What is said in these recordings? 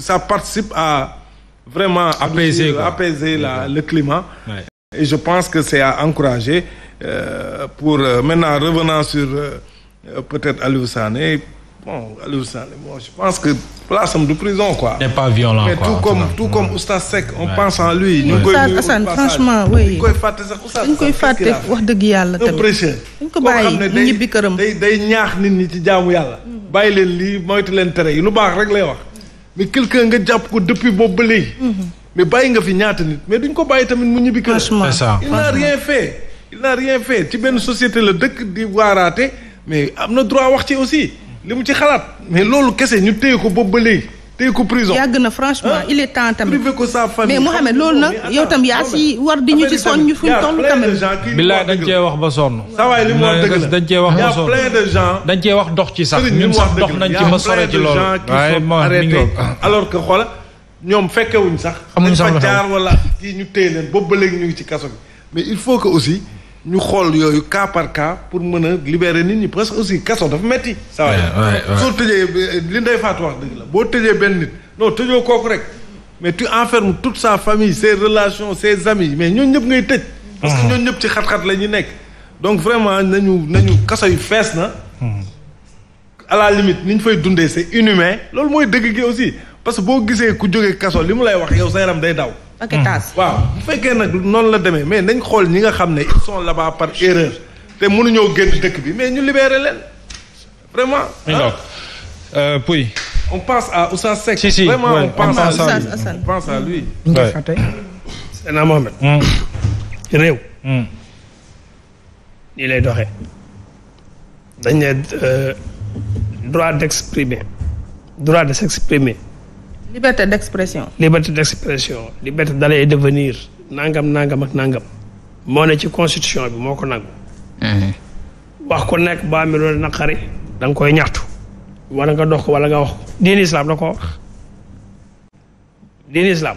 ça participe à vraiment apaiser, apaiser la, le climat. Et je pense que c'est à encourager euh, pour euh, maintenant revenant sur euh, euh, peut-être Aliou Sané. Sané, je pense que là, sommes de prison, quoi. N'est pas violent, quoi, tout comme, tout non. comme on pense en lui. Nous Oustaz Assane, franchement, oui. koy fàtte sax Oustaz dañ koy fàtte wax dëgg yàlla tamit. un prêcheur. dañ ko bàyyi ñibbi këram. day day ñaax nit ñi ci jaamu yàlla. Mm. bàyyi leen lii moytu leen yi lu baax rek lay wax. mais quelqu'un nga jàpp ko depuis boobu ba léegi. Mhm. mais bàyyi nga fi ñaata nit mais duñ ko bàyyi tamit mu ñibbi kër. c'est ça il n'a rien fait. il n'a rien fait ci benn société la dëkk di waaraate mais am na droit wax ci aussi li mu ci xalaat mais loolu kese ñu téye ko boobu ba léegi. tey ko prison yàgg na franchement il est temps tamit mais Mouhamed loolu nag yow tam yaa si war di ñu ci wax ba sonn. saa waay li mu wax dañ cee wax ba sonn dañ cee wax dox ci sax ñun sax dox nañ ci ba sore ci loolu. waaye ma mi alors que xoolal ñoom fekkewuñ sax. amuñ sax jaar wala kii ñu téye leen boobu ba léegi ñu ngi ci kaso bi mais il faut que aussi. ñu xool yooyu cas par cas pour mën a libérer nit ñi presque aussi kaso dafa metti saa soo tëjee li Ndeye Fatou wax dëgg la boo tëjee benn nit non tëjoo kooku rek mais tu enfermes tout sa famille ses relation ses amis mais ñooñu ñëpp ngay tëj parce que mm-hmm. ñooñu ñëpp ci xat-xat la ñu nekk donc vraiment nañu nañu kaso yu fees na mm-hmm. à la limite ni ñu fay dundee c'est inhumain loolu mooy dëgg gi aussi parce que boo gisee ku jógee kaso li mu lay wax yow sa yaram day daw paquetage. Hmm. waaw bu fekkee nag noonu la demee mais nañ xool ñi nga xam ne ils sont là-bas par erreur te mënuñoo génn dëkk bi mais ñu libéré leen vraiment. ah euh, Pouy. on pense à Oussa Seck. si si vraiment on pense à on pense à lui. nga fàtte. Seydina hmm. réew. Hmm. nii lay doxee. dañ ne euh, droit d'exprimer droit de liberté d'expression. liberté d'expression liberté d'aller et de venir nangam nangam ak nangam moo ne ci constitution bi moo ko nangu. Mhm. wax ku nekk baa mi loolu naqari da nga koy ñaxtu wala nga dox ko wala nga wax ko diin ko wax diin islam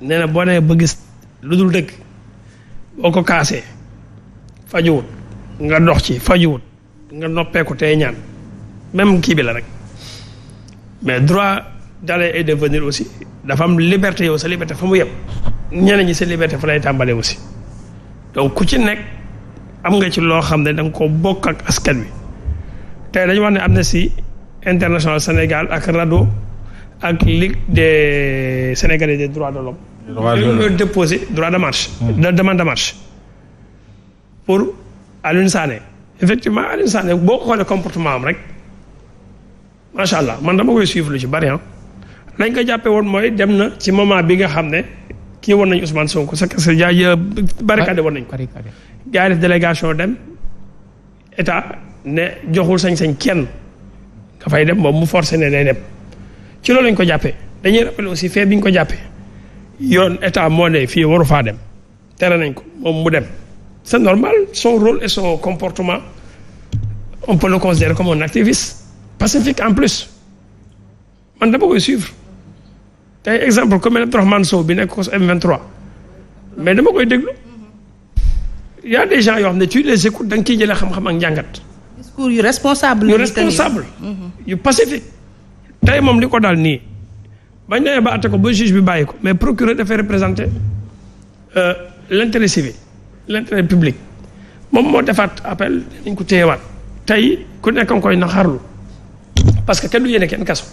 na boo nee ba gis lu dul dëgg boo ko kaasee fajuwut nga dox ci fajuwut nga noppeeku tey ñaan même kii bi la rek mais d'aller et de aussi dafa am liberté yow sa liberté fa mu yem ñeneen ñi sa liberté fa lay tàmbalee aussi donc ku ci nekk am nga ci loo xam ne da nga ko bokk ak askan wi te dañu wax ne Amnesty International Sénégal ak RADDHO ak Ligue des Sénégalais des droits de l'homme l déposé droit de marche hmm. de demande de marche pour Alioune Sané effectivement Alioune Sané boo ko xoolee comportement am rek macha allah man dama koy suivre lu ci bari nañ ko jàppee woon mooy dem na ci moment bi nga xam ne kii woon nañu Ousmane Sonko sa kese jaay barricade woon nañ ko gars yi def délégation dem état ne joxul sañ-sañ kenn dafay dem moom mu forcé ne day dem ci loolu lañ ko jàppee dañuy rappelé aussi fait ko jàppee yoon état moo ne fii waru faa dem tere nañ ko moom mu dem c'est normal son rôle et son comportement on peut le considérer comme un activiste pacifique en plus man dama koy suivre tey exemple comme mel ne Abdourahmane Sow bi nekk mais dama koy déglu y a gens yoo xam ne tu les écoutes da nga ciy jëlee xam-xam ak njàngat. discours yu responsable. yu responsable mhm. yu pacifique. tey moom li ko daal nii bañ demee ba àtte ko ba juge bi bàyyi ko mais procureur dafay représenter euh, l' intérêt civil l' intérêt moom moo defaat appel dañ ko téyewaat tey ku nekk nga koy naxarlu parce que kenn du yéene kenn kaso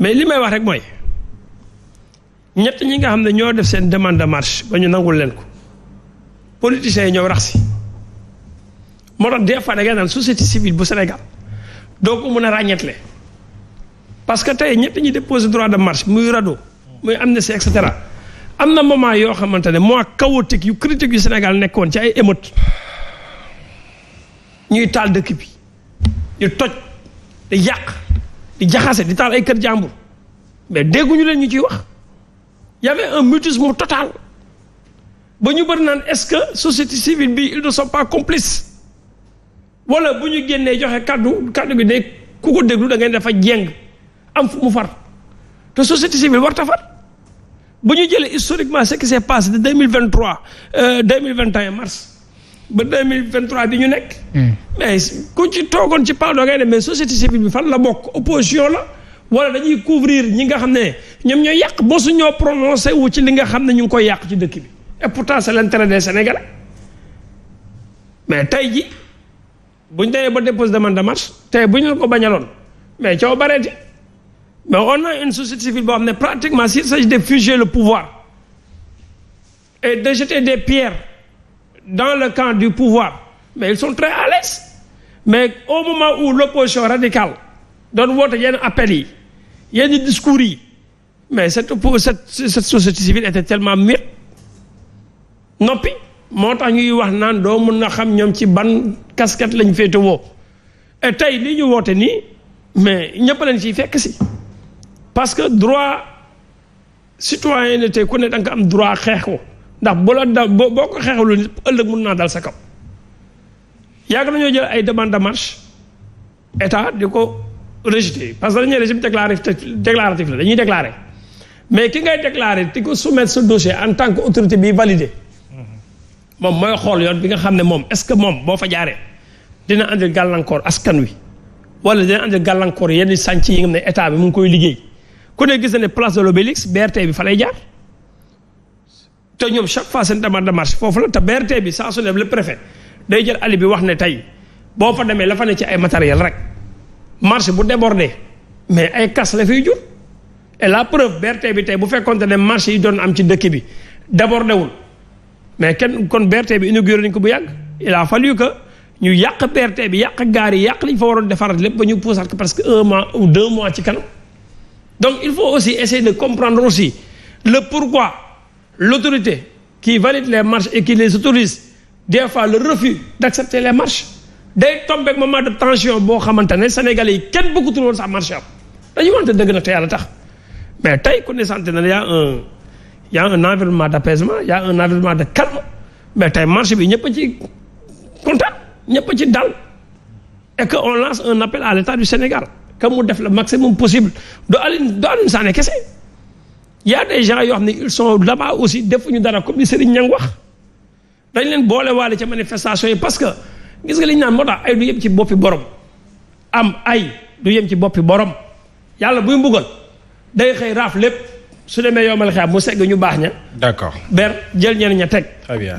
mais li may wax rek mooy. ñett ñi nga xam ne ñoo def seen demande de marche ba ñu nangul leen ko politiciens yi ñoo rax si moo tax des na da ngay naan société civile bu Sénégal doo ko mun a ràññeetle parce que tey ñett ñi déposé droit de marche muy rado muy na et cetera am na moment yoo xamante ne mois chaotique yu critique yu Sénégal nekkoon ci ay émeute ñuy taal dëkk bi di toj di yàq di jaxase di taal ay kër jàmbur mais dégguñu leen ñu ciy wax. y avait un mutisme total ba ñu bëri naan est-ce que société civile bi ils ne sont pas complices wala bu ñu génnee joxe kàddu kàddu bi day ku ko déglu da ngeen dafa jéng am fu mu far te société civile war ta far bu ñu jëlee historiquement ce qui s'est passé de deux mille vingt trois euh, deux mille vingt et un mars mille vingt bi ñu nekk. Hmm. mais ku ci ci Pando ngay ne mais société civile bi fan la bokk opposition la. wala dañuy couvrir ñi nga xam ne ñoom ñooy yàq mosu ñoo prononcé wu ci li nga xam ne ñu ngi koy yàq ci dëkk bi et pourtant c'est l'intérêt des Sénégalais mais tey ji buñ demee ba dépose demande de marche tey bu ñu ko bañaloon mais coow bareeti mais on na une société civile boo xam ne pratiquement s'il s'agit de fuger le pouvoir et de jeter des pierres dans le camp du pouvoir mais ils sont très à l'aise mais au moment où l'opposition radicale doon woote yenn appel yi yenn discours yi mais cette cette cette société civile était tellement muette noppi moo tax ñuy wax naan doo mun na xam ñoom ci ban casquette lañ féete woo et tey lii ñu woote nii mais ñëpp lañ ciy fekk si parce que droit citoyenneté ku ne da nga am droit xeexu ndax bu la da boo ko xeexalu nit ëllëg mun naa dal sa kaw yàgg nañoo jël ay demande de marche état di ko rejeté parce que dañuy régime déclaratif la dañuy déclaré mais ki ngay déclaré ti ko soumettre sa dossier en tant que autorité bi validé moom mooy xool yoon bi nga xam ne moom est ce que moom boo fa jaaree dina andil gàllankoor askan wi wala dina andil gàllankoor yenn sànc yi nga xam ne état bi mu ngi koy liggéey ku ne gis na ne place de l'Obélisque BRT bi fa lay jaar te ñoom chaque fois seen demande de marché foofu la te BRT bi saa su ne le day jël ali bi wax ne tey boo fa demee la fa ne ci ay matériel rek marché bu débordé mais ay casse la fiy jur et la preuve BRT bi tey bu fekkonte ne marché yi doon am ci dëkk bi débordé wul mais kenn kon BRT bi inauguré nañ ko bu yàgg il a fallu que ñu yàq BRT bi yàq gaar yàq li ñu fa waroon defaraat lépp ba ñu puusaat ko parce que mois ou deux mois ci kanam donc il faut aussi essayer de comprendre aussi le pourquoi l'autorité qui valide les marches et qui les autorise des fois le refus d'accepter les marches day tombeek moment de tension boo xamante ne Sénégalais yi kenn bëggutul sax marché am dañuy dëgg na te yàlla tax mais tey ku ne santé na y' a un y' a un environnement d' apaisement y' a un environnement de calme mais tey marché bi ñëpp a ci kontaan ñëpp ci dal et que on lance un appel à l' état du Sénégal que mu def le maximum possible do Alioune do Alioune Sané kese y' a des yoo xam ne ils sont là aussi defuñu dara comme li Serigne Niang wax dañ leen boole boolewaale ci manifestation yi parce que. gis nga li ñu naan moo tax ay du yem ci boppi borom am ay du yem ci boppi borom yàlla buy mbugal day xëy raaf lépp su demee yombal xeex mu segg ñu baax ña. d'accord ber jël ñenn ña teg.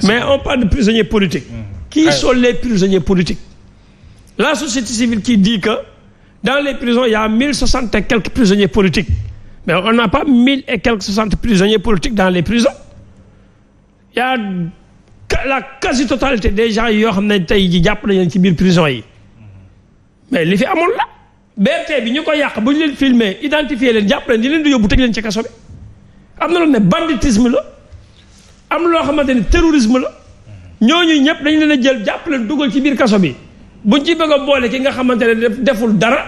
mais on parle de prisonniers politiques. Mm-hmm. qui sont les prisonniers politiques. la société civile qui dit dans les prisons il mille soixante et quelques prisonniers politiques mais on n'a pas mille et quelques soixante prisonniers politiques dans les prisons il la quasi totalité des gens yoo xam ne tey ji jàpp nañu ci biir prison yi mais li fi amoon la BRT bi ñu ko yàq bu ñu leen filmé identifié leen jàpp leen di leen di yóbbu teg leen ci kaso bi am na loo xam ne banditisme la am loo xamante ne terrorisme la ñooñu ñëpp dañ leen a jël jàpp leen dugal ci biir kaso bi buñ ci bëgg a boole ki nga xamante ne deful dara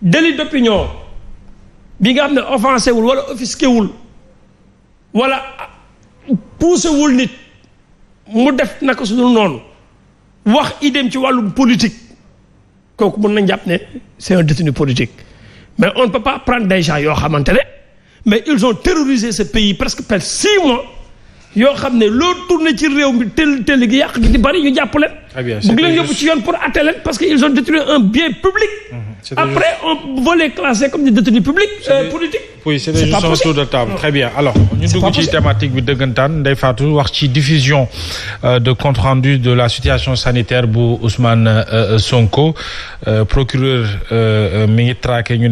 délit d'opinion bi nga xam ne offensé wul wala offusqué wul wala poussé wul nit mu def naka su dul noonu wax idem ci wàllu politique kooku mën na jàpp ne c'est un détenu politique mais on ne peut pas prendre des yoo xamante ne mais ils ont terrorisé ce pays presque pendant six mois yoo xam ne loo tourné ci réew mi tel tel gi yàq gi di bari ñu jàpp leen. mu ah ngi leen yóbbu ci yoon pour atte parce que ils ont détruit un bien public. Mm-hmm. après on veut classer comme des détenus publics. Euh, politiques oui c'était juste un de table très bien alors ñu dugg ci thématique bi dëggantaan Ndeye Fatou wax ci diffusion euh, de compte rendu de la situation sanitaire bu Ousmane euh, euh, Sonko procureur mi